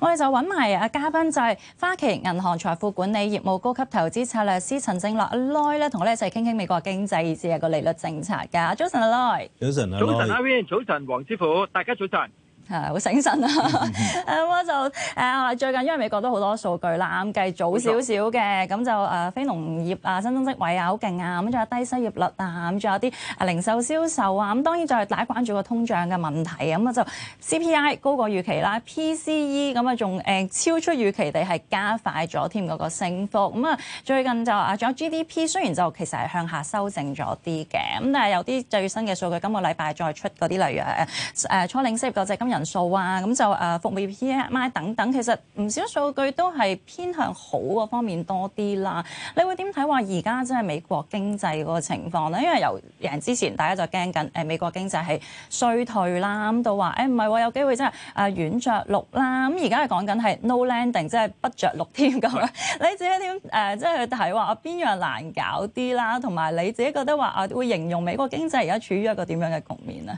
我哋就揾埋阿嘉賓，就係花旗銀行財富管理業務高級投資策略師陳正犖阿 Lo 咧，同我哋一齊傾傾美國經濟，以至係個利率政策㗎。早晨，阿 Lo。早晨，早晨，阿 Vin。早晨，黃師傅。大家早晨。係好醒神啊！咁我就誒最近因為美國都好多數據啦，咁計早少少嘅，咁錯就誒非農業啊、新增職位啊好勁啊，咁仲有低失業率啊，咁仲有啲零售銷售啊，咁當然就係第一關注個通脹嘅問題，咁啊就 CPI 高過預期啦，PCE 咁啊仲誒超出預期地係加快咗添嗰個升幅，咁啊最近就啊仲有 GDP 雖然就其實係向下修正咗啲嘅，咁但係有啲最新嘅數據今個禮拜再出嗰啲，例如誒誒初領失業今人數啊，咁就誒、呃、服務業 PMI 等等，其實唔少數據都係偏向好個方面多啲啦。你會點睇話而家真係美國經濟個情況咧？因為由贏之前，大家就驚緊誒美國經濟係衰退啦，咁到話誒唔係喎，有機會真係誒軟着陸啦。咁而家係講緊係 no landing，即係不着陸添咁樣。你自己點誒？即、呃、係、就是、去睇話邊樣難搞啲啦，同埋你自己覺得話啊，會形容美國經濟而家處於一個點樣嘅局面咧？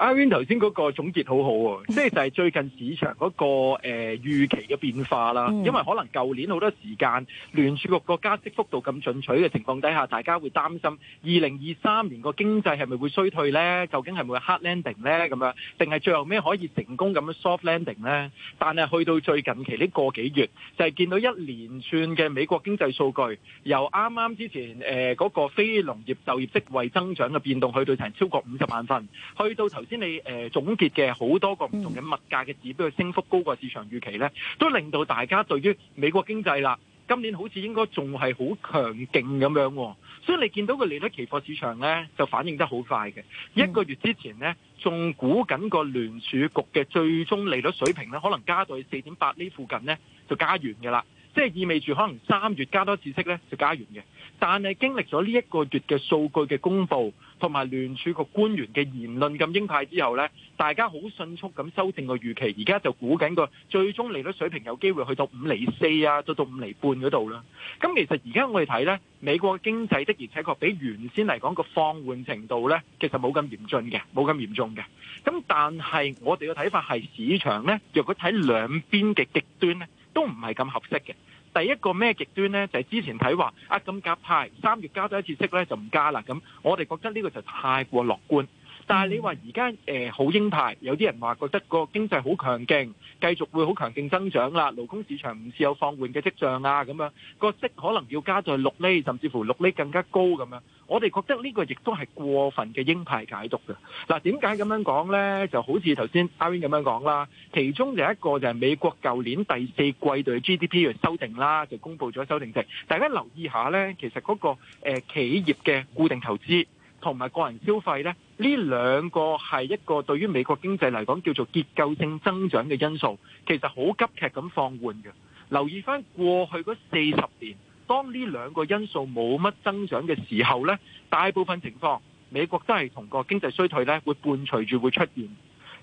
Ivan 頭先嗰個總結好好、啊、喎，即係就係、是、最近市場嗰、那個誒預、呃、期嘅變化啦。因為可能舊年好多時間聯儲局個加息幅度咁進取嘅情況底下，大家會擔心二零二三年個經濟係咪會衰退咧？究竟係咪 hard landing 咧？咁樣定係最後尾可以成功咁樣 soft landing 咧？但係去到最近期呢個幾月，就係、是、見到一連串嘅美國經濟數據，由啱啱之前誒嗰、呃那個非農業就業職位增長嘅變動，去到成超過五十萬份，去到頭。先你誒總結嘅好多個唔同嘅物價嘅指標，佢升幅高過市場預期咧，都令到大家對於美國經濟啦，今年好似應該仲係好強勁咁樣。所以你見到個利率期貨市場咧，就反應得好快嘅。一個月之前呢，仲估緊個聯儲局嘅最終利率水平咧，可能加到去四點八厘附近呢，就加完嘅啦。即係意味住可能三月加多次息咧，就加完嘅。但係經歷咗呢一個月嘅數據嘅公布。同埋聯儲局官員嘅言論咁鷹派之後咧，大家好迅速咁修正個預期，而家就估緊個最終利率水平有機會去到五釐四啊，再到五釐半嗰度啦。咁其實而家我哋睇咧，美國經濟的而且確比原先嚟講個放緩程度咧，其實冇咁嚴峻嘅，冇咁嚴重嘅。咁但係我哋嘅睇法係市場咧，若果睇兩邊嘅極端咧，都唔係咁合適嘅。第一個咩極端呢？就係之前睇話啊，咁鴿派三月加多一次息呢，就唔加啦。咁我哋覺得呢個就太過樂觀，但係你話而家誒好鷹派，有啲人話覺得個經濟好強勁。繼續會好強勁增長啦，勞工市場唔似有放緩嘅跡象啊，咁樣，個息可能要加在六厘，甚至乎六厘更加高咁樣。我哋覺得呢個亦都係過分嘅鷹派解讀嘅。嗱、啊，點解咁樣講呢？就好似頭先阿 Vin 咁樣講啦，其中就一個就係美國舊年第四季度 GDP 嘅修訂啦，就公布咗修訂值。大家留意下呢，其實嗰、那個、呃、企業嘅固定投資。同埋個人消費呢，呢兩個係一個對於美國經濟嚟講叫做結構性增長嘅因素，其實好急劇咁放緩嘅。留意翻過去嗰四十年，當呢兩個因素冇乜增長嘅時候呢，大部分情況美國都係同個經濟衰退呢會伴隨住會出現。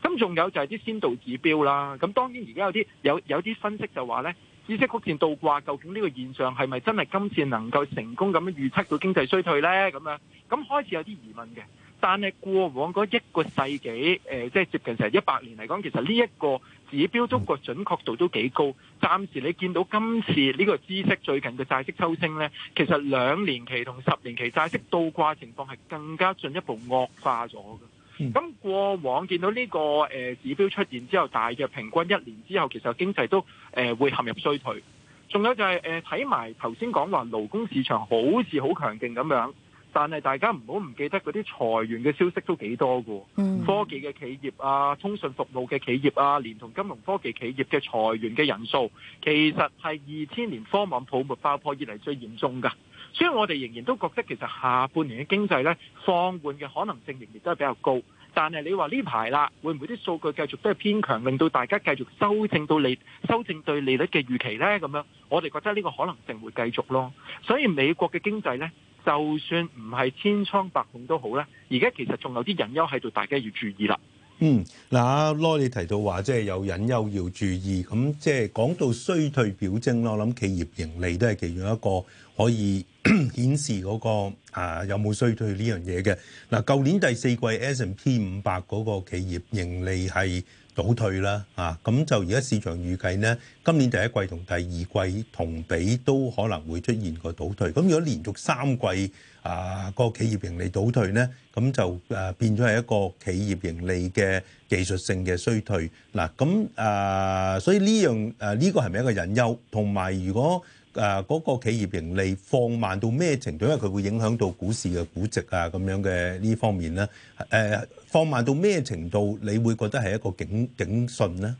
咁仲有就係啲先導指標啦。咁當然而家有啲有有啲分析就話呢。孳息曲線倒掛，究竟呢個現象係咪真係今次能夠成功咁樣預測到經濟衰退呢？咁樣咁開始有啲疑問嘅。但係過往嗰一個世紀，誒、呃、即係接近成一百年嚟講，其實呢一個指標都個準確度都幾高。暫時你見到今次呢個孳息最近嘅債息抽升呢，其實兩年期同十年期債息倒掛情況係更加進一步惡化咗嘅。咁、嗯、過往見到呢個誒指標出現之後，大約平均一年之後，其實經濟都誒會陷入衰退。仲有就係誒睇埋頭先講話勞工市場好似好強勁咁樣，但係大家唔好唔記得嗰啲裁員嘅消息都幾多噶。嗯、科技嘅企業啊，通訊服務嘅企業啊，連同金融科技企業嘅裁員嘅人數，其實係二千年科網泡沫爆破以嚟最嚴重噶。所以我哋仍然都覺得其實下半年嘅經濟呢，放緩嘅可能性仍然都係比較高，但係你話呢排啦，會唔會啲數據繼續都係偏強，令到大家繼續修正到利修正對利率嘅預期呢？咁樣我哋覺得呢個可能性會繼續咯。所以美國嘅經濟呢，就算唔係千瘡百孔都好咧，而家其實仲有啲隱憂喺度，大家要注意啦。嗯，嗱，阿 Lo 你提到話即係有隱憂要注意，咁即係講到衰退表徵咯，我諗企業盈利都係其中一個可以 顯示嗰、那個啊有冇衰退呢樣嘢嘅。嗱，舊年第四季 S and P 五百嗰個企業盈利係倒退啦，啊，咁就而家市場預計呢，今年第一季同第二季同比都可能會出現個倒退。咁如果連續三季啊、個企業盈利倒退呢，咁就誒、啊、變咗係一個企業盈利嘅技術性嘅衰退。嗱、啊，咁誒、啊，所以呢樣誒呢、啊呢個係咪一個隱憂？同埋如果？誒嗰、啊這個企業盈利放慢到咩程度？因為佢會影響到股市嘅估值啊，咁樣嘅呢方面咧。誒、啊、放慢到咩程度？你會覺得係一個警警訊咧？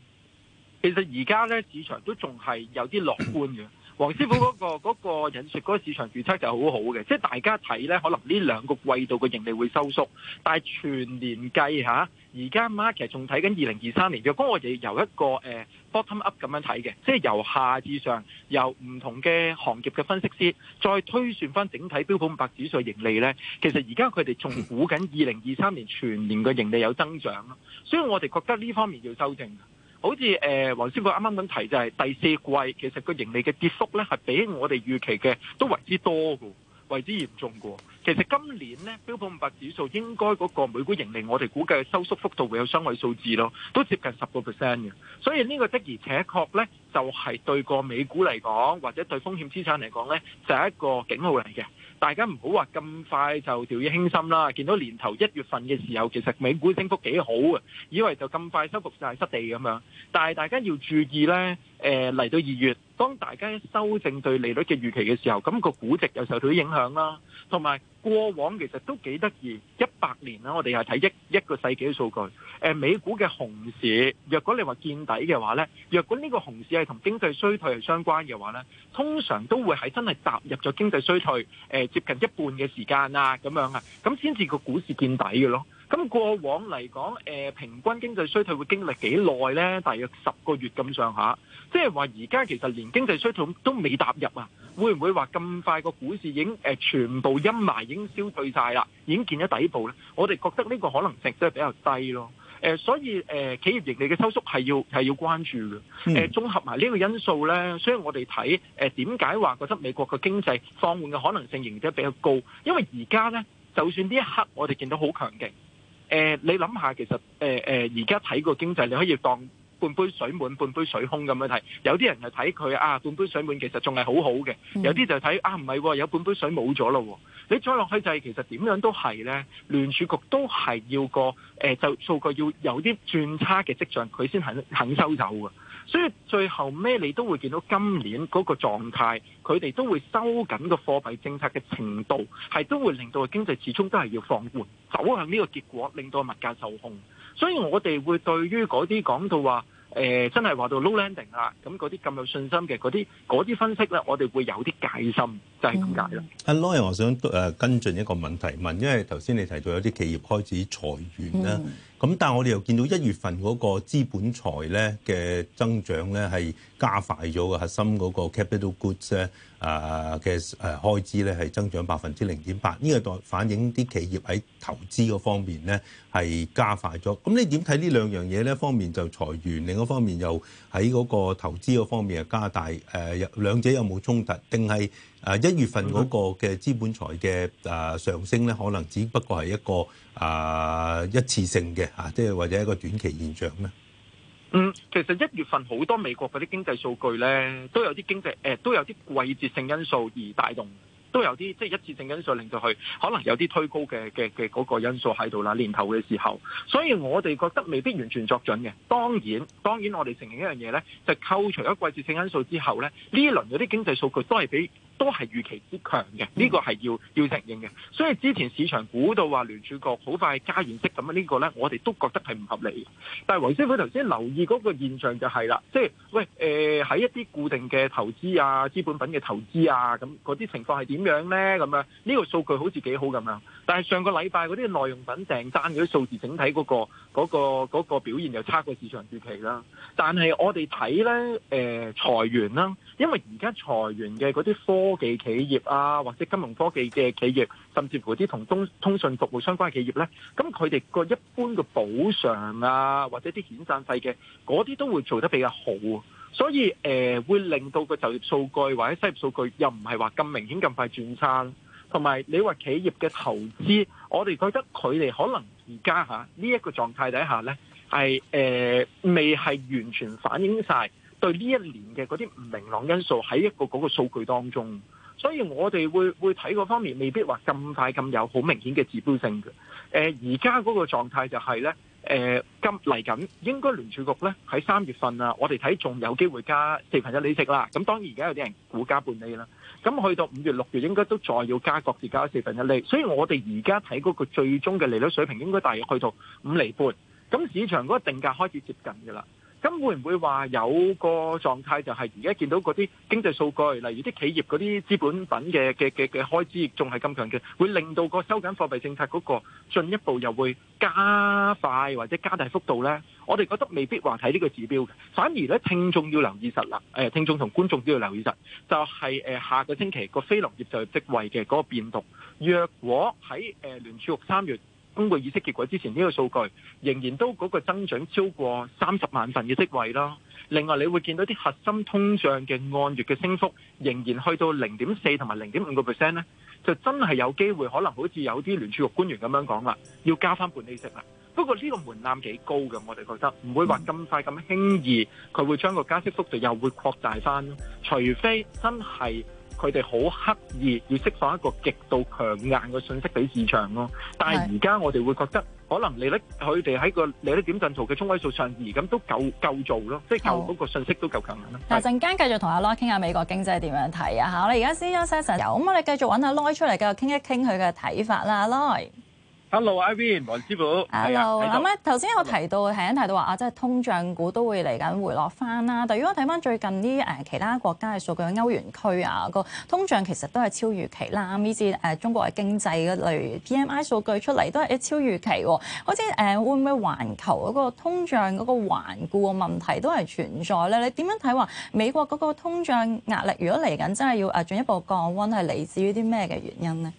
其實而家咧，市場都仲係有啲樂觀嘅。 黃師傅嗰、嗰個嗰個引述嗰個市場預測就好好嘅，即係大家睇呢，可能呢兩個季度嘅盈利會收縮，但係全年計下，而家 market 仲睇緊二零二三年，若果我哋由一個誒、uh, bottom up 咁樣睇嘅，即係由下至上，由唔同嘅行業嘅分析師再推算翻整體標普五百指數盈利呢，其實而家佢哋仲估緊二零二三年全年嘅盈利有增長咯，所以我哋覺得呢方面要修正。好似誒，黃師傅啱啱提就係第四季，其實個盈利嘅跌幅咧，係比我哋預期嘅都為之多嘅，為之嚴重嘅。其實今年咧，標普五百指數應該嗰個每股盈利，我哋估計嘅收縮幅度會有雙位數字咯，都接近十個 percent 嘅。所以呢個的而且確咧。就係對個美股嚟講，或者對風險資產嚟講呢，就係一個警號嚟嘅。大家唔好話咁快就掉以輕心啦。見到年頭一月份嘅時候，其實美股升幅幾好啊，以為就咁快收復晒失地咁樣。但係大家要注意呢，誒嚟到二月，當大家一修正對利率嘅預期嘅時候，咁個估值又受到啲影響啦，同埋。過往其實都幾得意，一百年啦，我哋係睇一一個世紀嘅數據。誒、呃，美股嘅熊市，若果你話見底嘅話呢，若果呢個熊市係同經濟衰退係相關嘅話呢，通常都會係真係踏入咗經濟衰退，誒、呃、接近一半嘅時間啊咁樣啊，咁先至個股市見底嘅咯。咁過往嚟講，誒、呃、平均經濟衰退會經歷幾耐呢？大約十個月咁上下，即係話而家其實連經濟衰退都未踏入啊！會唔會話咁快個股市已經誒、呃、全部陰霾已經消退晒啦，已經見咗底部咧？我哋覺得呢個可能性都係比較低咯。誒、呃，所以誒、呃、企業盈利嘅收縮係要係要關注嘅。誒、呃、綜合埋呢個因素咧，所以我哋睇誒點解話覺得美國嘅經濟放緩嘅可能性仍然都比較高，因為而家咧就算呢一刻我哋見到好強勁，誒、呃、你諗下其實誒誒而家睇個經濟你可以當。半杯水滿，半杯水空咁樣睇，有啲人就睇佢啊，半杯水滿其實仲係好好嘅，有啲就睇啊，唔係、哦、有半杯水冇咗咯。你再落去就係、是、其實點樣都係呢。聯儲局都係要個誒、呃、就數據要有啲轉差嘅跡象，佢先肯肯收走嘅。所以最後咩你都會見到今年嗰個狀態，佢哋都會收緊個貨幣政策嘅程度，係都會令到經濟始終都係要放緩，走向呢個結果，令到物價受控。所以我哋會對於嗰啲講到話，誒、呃、真係話到 no landing 啊，咁嗰啲咁有信心嘅嗰啲啲分析咧，我哋會有啲戒心，就係咁解啦。Mm hmm. 阿 Lawrence 我想誒跟進一個問題問，因為頭先你提到有啲企業開始裁員啦。Mm hmm. 咁但係我哋又見到一月份嗰個資本財咧嘅增長咧係加快咗嘅核心嗰個 capital goods 咧誒嘅誒開支咧係增長百分之零點八，呢個代反映啲企業喺投資嗰方面咧係加快咗。咁你點睇呢兩樣嘢咧？一方面就裁員，另一方面又喺嗰個投資嗰方面又加大誒，兩者有冇衝突定係。誒一、啊、月份嗰個嘅資本財嘅誒、啊、上升咧，可能只不過係一個誒、啊、一次性嘅嚇，即、啊、係或者一個短期現象咧。嗯，其實一月份好多美國嗰啲經濟數據咧，都有啲經濟誒、呃，都有啲季節性因素而帶動，都有啲即係一次性因素令到佢可能有啲推高嘅嘅嘅嗰個因素喺度啦。年頭嘅時候，所以我哋覺得未必完全作準嘅。當然，當然我哋承認一樣嘢咧，就係、扣除咗季節性因素之後咧，呢輪嗰啲經濟數據都係比，都係預期之強嘅，呢、這個係要要承認嘅。所以之前市場估到話聯儲局好快加完息咁啊，呢、這個呢，我哋都覺得係唔合理。但係黃師傅頭先留意嗰個現象就係、是、啦，即係喂誒喺、呃、一啲固定嘅投資啊、資本品嘅投資啊咁嗰啲情況係點樣呢？咁樣呢個數據好似幾好咁樣，但係上個禮拜嗰啲耐用品訂單嗰啲數字，整體嗰、那個嗰、那個那個那個、表現就差過市場預期啦。但係我哋睇呢誒、呃、裁員啦，因為而家裁員嘅嗰啲科科技企業啊，或者金融科技嘅企業，甚至乎啲同通通訊服務相關嘅企業咧，咁佢哋個一般嘅補償啊，或者啲遣散費嘅，嗰啲都會做得比較好，所以誒、呃、會令到個就業數據或者失業數據又唔係話咁明顯咁快轉差。同埋你話企業嘅投資，我哋覺得佢哋可能而家吓呢一個狀態底下咧，係誒、呃、未係完全反映晒。對呢一年嘅嗰啲唔明朗因素喺一個嗰個數據當中，所以我哋會會睇嗰方面未必話咁快咁有好明顯嘅指標性嘅，呃。誒、就是，而家嗰個狀態就係咧，誒今嚟緊應該聯儲局咧喺三月份啊，我哋睇仲有機會加四分一厘息啦。咁當然而家有啲人估加半厘啦。咁去到五月六月應該都再要加，各自加四分一厘。所以我哋而家睇嗰個最終嘅利率水平，應該大約去到五厘半。咁市場嗰個定價開始接近噶啦。咁會唔會話有個狀態就係而家見到嗰啲經濟數據，例如啲企業嗰啲資本品嘅嘅嘅嘅開支，仲係咁強嘅，會令到個收緊貨幣政策嗰個進一步又會加快或者加大幅度咧？我哋覺得未必話睇呢個指標，反而咧聽眾要留意實啦。誒，聽眾同觀眾都要留意實，就係誒下個星期個非農業就職位嘅嗰個變動。若果喺誒聯儲局三月公布議息結果之前，呢個數據仍然都嗰個增長超過三十萬份嘅職位啦。另外，你會見到啲核心通脹嘅按月嘅升幅仍然去到零點四同埋零點五個 percent 咧，就真係有機會可能好似有啲聯儲局官員咁樣講啦，要加翻半利息啦。不過呢個門檻幾高嘅，我哋覺得唔會話咁快咁輕易，佢會將個加息幅度又會擴大翻，除非真係。佢哋好刻意要釋放一個極度強硬嘅信息俾市場咯，是但係而家我哋會覺得可能利率，佢哋喺個利率點陣圖嘅中位數上移咁都夠夠做咯，即係夠嗰個信息都夠強硬啦。嗱、哦，陣間是繼續同阿 Loy 傾下美國經濟點樣睇啊！嚇，我哋而家先休息有咁，我哋繼續揾阿 Loy 出嚟，繼續傾一傾佢嘅睇法啦，阿 Loy。Hello，Ivan，黃師傅。Hello，啱啱頭先我提到係緊提到話啊，即係通脹股都會嚟緊回落翻啦。但如果睇翻最近啲誒、呃、其他國家嘅數據，歐元區啊個通脹其實都係超預期啦。呢、啊、次誒、呃、中國嘅經濟嘅類 P M I 數據出嚟都係超預期喎、啊。好似誒、呃、會唔會環球嗰個通脹嗰個環顧嘅問題都係存在咧、啊？你點樣睇話美國嗰個通脹壓力，如果嚟緊真係要誒進一步降溫，係嚟自於啲咩嘅原因咧？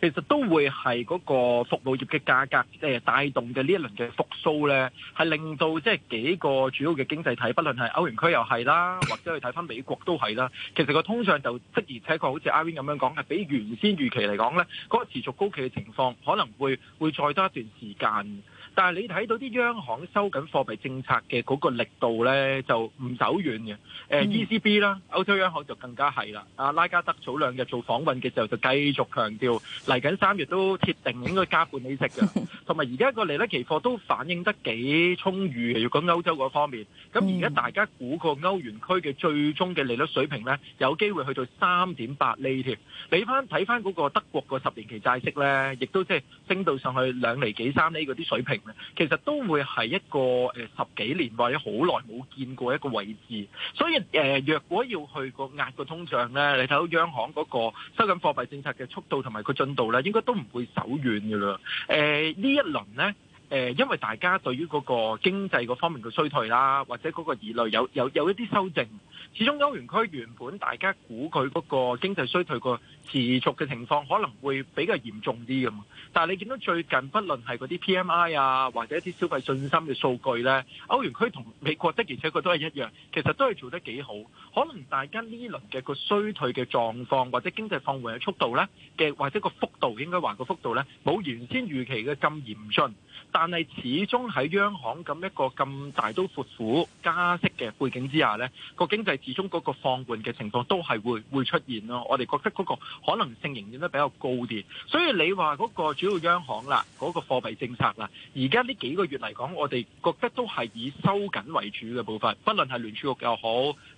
其實都會係嗰個服務業嘅價格帶，誒帶動嘅呢一輪嘅復甦咧，係令到即係幾個主要嘅經濟體，不論係歐元區又係啦，或者去睇翻美國都係啦。其實個通脹就的而且確，佢好似 Ivan 咁樣講，係比原先預期嚟講咧，嗰、嗰個持續高企嘅情況可能會會再多一段時間。但係你睇到啲央行收緊貨幣政策嘅嗰個力度呢，就唔走遠嘅。誒，ECB 啦，歐洲央行就更加係啦。阿拉加德早兩日做訪問嘅時候就繼續強調，嚟緊三月都鐵定應該加半釐息嘅。同埋而家個利率期貨都反映得幾充裕。如果歐洲嗰方面，咁而家大家估個歐元區嘅最終嘅利率水平呢，有機會去到三點八釐添。你翻睇翻嗰個德國個十年期債息呢，亦都即係升到上去兩釐幾三釐嗰啲水平。其實都會係一個誒十幾年或者好耐冇見過一個位置，所以誒、呃、若果要去個壓個通脹咧，你睇到央行嗰個收緊貨幣政策嘅速度同埋個進度咧，應該都唔會手軟噶啦。誒、呃、呢一輪咧。誒，因為大家對於嗰個經濟嗰方面嘅衰退啦，或者嗰個疑慮有有有一啲修正，始終歐元區原本大家估佢嗰個經濟衰退個持續嘅情況可能會比較嚴重啲嘅嘛。但係你見到最近，不論係嗰啲 PMI 啊，或者一啲消費信心嘅數據呢，歐元區同美國的而且確都係一樣，其實都係做得幾好。可能大家呢輪嘅個衰退嘅狀況，或者經濟放緩嘅速度呢嘅，或者個幅度應該話個幅度呢冇原先預期嘅咁嚴峻。但係始終喺央行咁一個咁大刀闊斧加息嘅背景之下呢個經濟始終嗰個放緩嘅情況都係會會出現咯。我哋覺得嗰個可能性仍然都比較高啲。所以你話嗰個主要央行啦，嗰、嗰個貨幣政策啦，而家呢幾個月嚟講，我哋覺得都係以收緊為主嘅步伐。不論係聯儲局又好，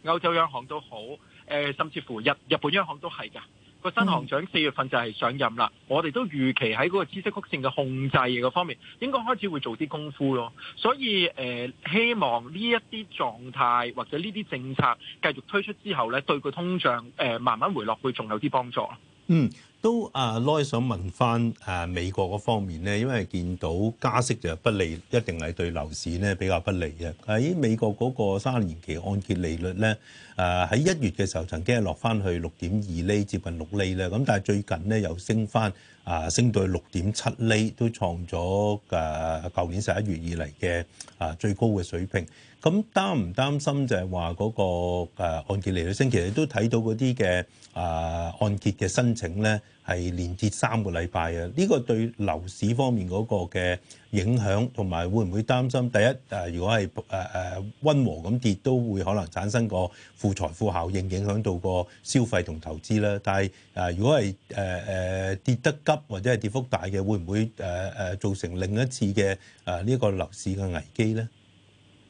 歐洲央行都好，誒、呃，甚至乎日日本央行都係噶。個、嗯、新行長四月份就係上任啦，我哋都預期喺嗰個知識曲線嘅控制嘅方面，應該開始會做啲功夫咯。所以誒、呃，希望呢一啲狀態或者呢啲政策繼續推出之後咧，對個通脹誒、呃、慢慢回落，會仲有啲幫助。嗯。都啊，耐想問翻啊美國嗰方面咧，因為見到加息就不利，一定係對樓市咧比較不利嘅。喺美國嗰個三年期按揭利率咧，啊喺一月嘅時候曾經係落翻去六點二厘，接近六厘咧。咁但係最近咧又升翻。啊，升到六點七厘，都創咗誒舊年十一月以嚟嘅啊最高嘅水平。咁、啊、擔唔擔心就係話嗰個、啊、按揭利率升，其實都睇到嗰啲嘅啊按揭嘅申請咧。係連跌三個禮拜嘅，呢個對樓市方面嗰個嘅影響同埋會唔會擔心？第一誒，如果係誒誒溫和咁跌，都會可能產生個負財富效應，影響到個消費同投資啦。但係誒，如果係誒誒跌得急或者係跌幅大嘅，會唔會誒誒造成另一次嘅誒呢個樓市嘅危機咧？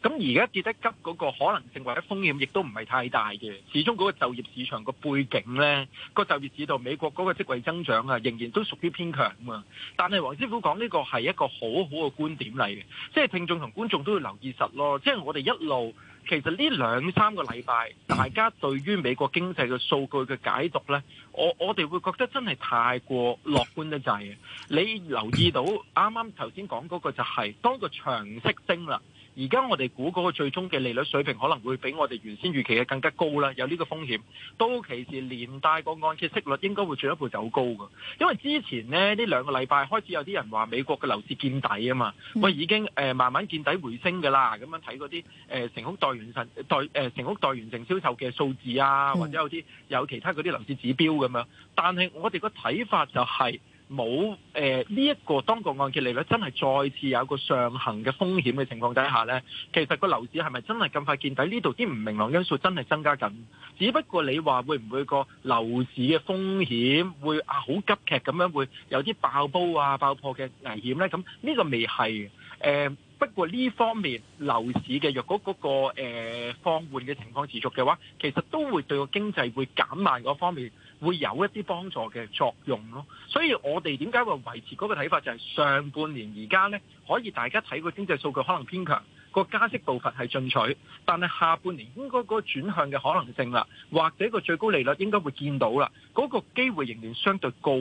咁而家跌得急嗰個可能性或者風險亦都唔係太大嘅。始終嗰個就業市場個背景咧，個就業指導美國嗰個職位增長啊，仍然都屬於偏強啊。但係黃師傅講呢個係一個好好嘅觀點嚟嘅，即係聽眾同觀眾都要留意實咯。即係我哋一路其實呢兩三個禮拜，大家對於美國經濟嘅數據嘅解讀咧，我我哋會覺得真係太過樂觀得滯啊！你留意到啱啱頭先講嗰個就係、是、當個長息升啦。而家我哋估嗰個最終嘅利率水平可能會比我哋原先預期嘅更加高啦，有呢個風險。到期時連帶個按揭息率應該會進一步走高噶，因為之前咧呢兩個禮拜開始有啲人話美國嘅樓市見底啊嘛，我已經誒慢慢見底回升噶啦，咁樣睇嗰啲誒成屋待完成代誒成屋待完成銷售嘅數字啊，或者有啲有其他嗰啲樓市指標咁樣。但係我哋個睇法就係、是。冇誒呢一個當個按揭利率真係再次有一個上行嘅風險嘅情況底下呢，其實個樓市係咪真係咁快見底？呢度啲唔明朗因素真係增加緊。只不過你話會唔會個樓市嘅風險會啊好急劇咁樣會有啲爆煲啊爆破嘅危險呢？咁、嗯、呢、呢個未係誒。不過呢方面樓市嘅若果嗰、嗰個誒、呃、放緩嘅情況持續嘅話，其實都會對個經濟會減慢嗰方面。會有一啲幫助嘅作用咯，所以我哋點解會維持嗰個睇法就係上半年而家呢，可以大家睇個經濟數據可能偏強，個加息步伐係進取，但係下半年應該嗰個轉向嘅可能性啦，或者個最高利率應該會見到啦，嗰個機會仍然相對高。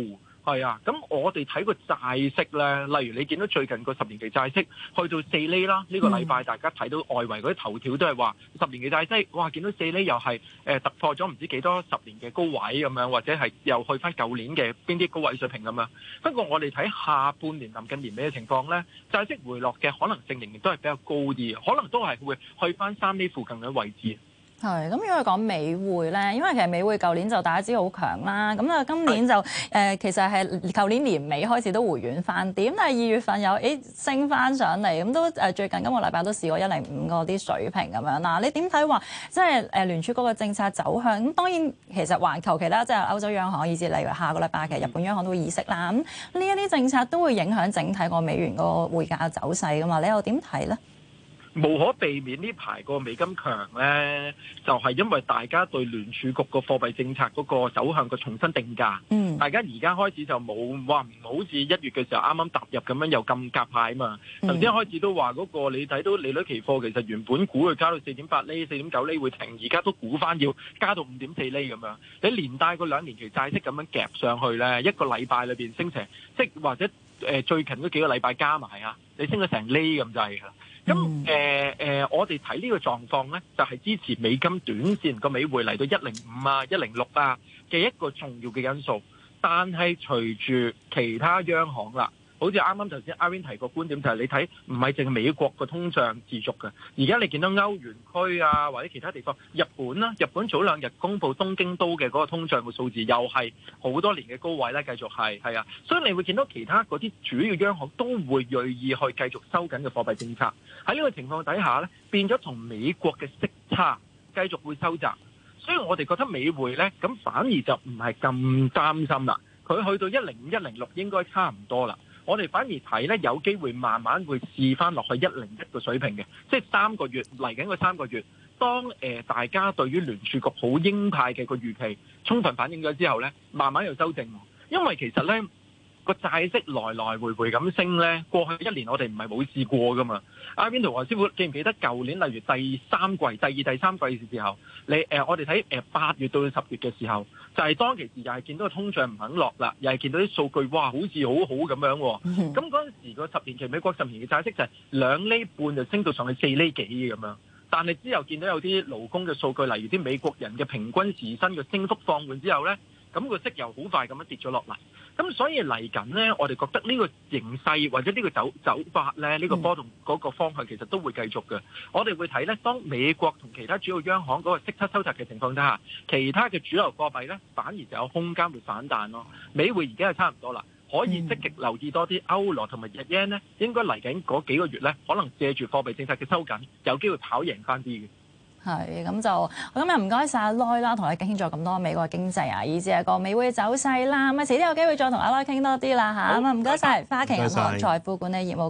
係啊，咁我哋睇個債息咧，例如你見到最近個十年期債息去到四厘啦，呢、呢個禮拜大家睇到外圍嗰啲頭條都係話十年期債息，哇，見到四厘又係誒、呃、突破咗唔知幾多十年嘅高位咁樣，或者係又去翻舊年嘅邊啲高位水平咁樣。不過我哋睇下半年臨近年尾嘅情況咧，債息回落嘅可能性仍然都係比較高啲，可能都係會去翻三厘附近嘅位置。係，咁如果講美匯咧，因為其實美匯舊年就大家知好強啦，咁啊今年就誒是、呃、其實係舊年年尾開始都回軟翻啲，但係二月份又誒升翻上嚟，咁、嗯、都誒、呃、最近今個禮拜都試過一零五嗰啲水平咁樣啦。你點睇話即係誒聯儲嗰個政策走向？咁當然其實環球其他即係歐洲央行，以至例如下個禮拜其實日本央行都會議息啦。咁呢一啲政策都會影響整體個美元個匯價嘅走勢噶嘛？你又點睇咧？無可避免呢排個美金強咧，就係因為大家對聯儲局個貨幣政策嗰個走向個重新定價。嗯，大家而家開始就冇話唔好似一月嘅時候啱啱踏入咁樣又咁夾派嘛，頭先一開始都話嗰個你睇到利率期貨其實原本估佢加到四點八厘，四點九厘會停，而家都估翻要加到五點四厘咁樣。你連帶個兩年期債息咁樣夾上去咧，一個禮拜裏邊升成即或者誒最近嗰幾個禮拜加埋啊，你升咗成厘咁就係。咁誒誒，我哋睇呢個狀況咧，就係支持美金短線個美匯嚟到一零五啊、一零六啊嘅一個重要嘅因素，但係隨住其他央行啦。好似啱啱頭先 Irene 提個觀點就，就係你睇唔係淨係美國個通脹持續嘅，而家你見到歐元區啊，或者其他地方，日本啦、啊，日本早兩日公布東京都嘅嗰個通脹嘅數字，又係好多年嘅高位咧，繼續係係啊，所以你會見到其他嗰啲主要央行都會鋭意去繼續收緊嘅貨幣政策。喺呢個情況底下咧，變咗同美國嘅息差繼續會收窄，所以我哋覺得美匯咧，咁反而就唔係咁擔心啦，佢去到一零五一零六應該差唔多啦。我哋反而睇咧，有機會慢慢會試翻落去一零一個水平嘅，即係三個月嚟緊個三個月，當誒大家對於聯儲局好鷹派嘅個預期充分反映咗之後咧，慢慢又修正，因為其實咧。個債息來來回回咁升咧，過去一年我哋唔係冇試過噶嘛。阿邊條華師傅記唔記得舊年例如第三季、第二、第三季嘅時候，你誒、呃、我哋睇誒八月到十月嘅時候，就係、是、當其時又係見到個通脹唔肯落啦，又係見到啲數據哇好似好好咁樣、啊。咁嗰陣時個十年期美國十年嘅債息就係兩厘半就升到上去四厘幾嘅咁樣，但係之後見到有啲勞工嘅數據，例如啲美國人嘅平均時薪嘅升幅放緩之後咧。咁個息又好快咁樣跌咗落嚟，咁所以嚟緊呢，我哋覺得呢個形勢或者呢個走走法呢，呢、呢個波動嗰個方向其實都會繼續嘅。嗯、我哋會睇呢，當美國同其他主要央行嗰個息差收窄嘅情況底下，其他嘅主流貨幣呢反而就有空間會反彈咯。美匯而家係差唔多啦，可以積極留意多啲歐羅同埋日元咧，應該嚟緊嗰幾個月呢，可能借住貨幣政策嘅收緊，有機會跑贏翻啲嘅。係，咁就今日唔該曬阿 Lo 啦，同你傾咗咁多美國嘅經濟啊，以至係個美匯走勢啦，咁啊遲啲有機會再同阿 Lo 傾多啲啦嚇，咁啊唔該曬，謝謝花旗銀行財富管理業務。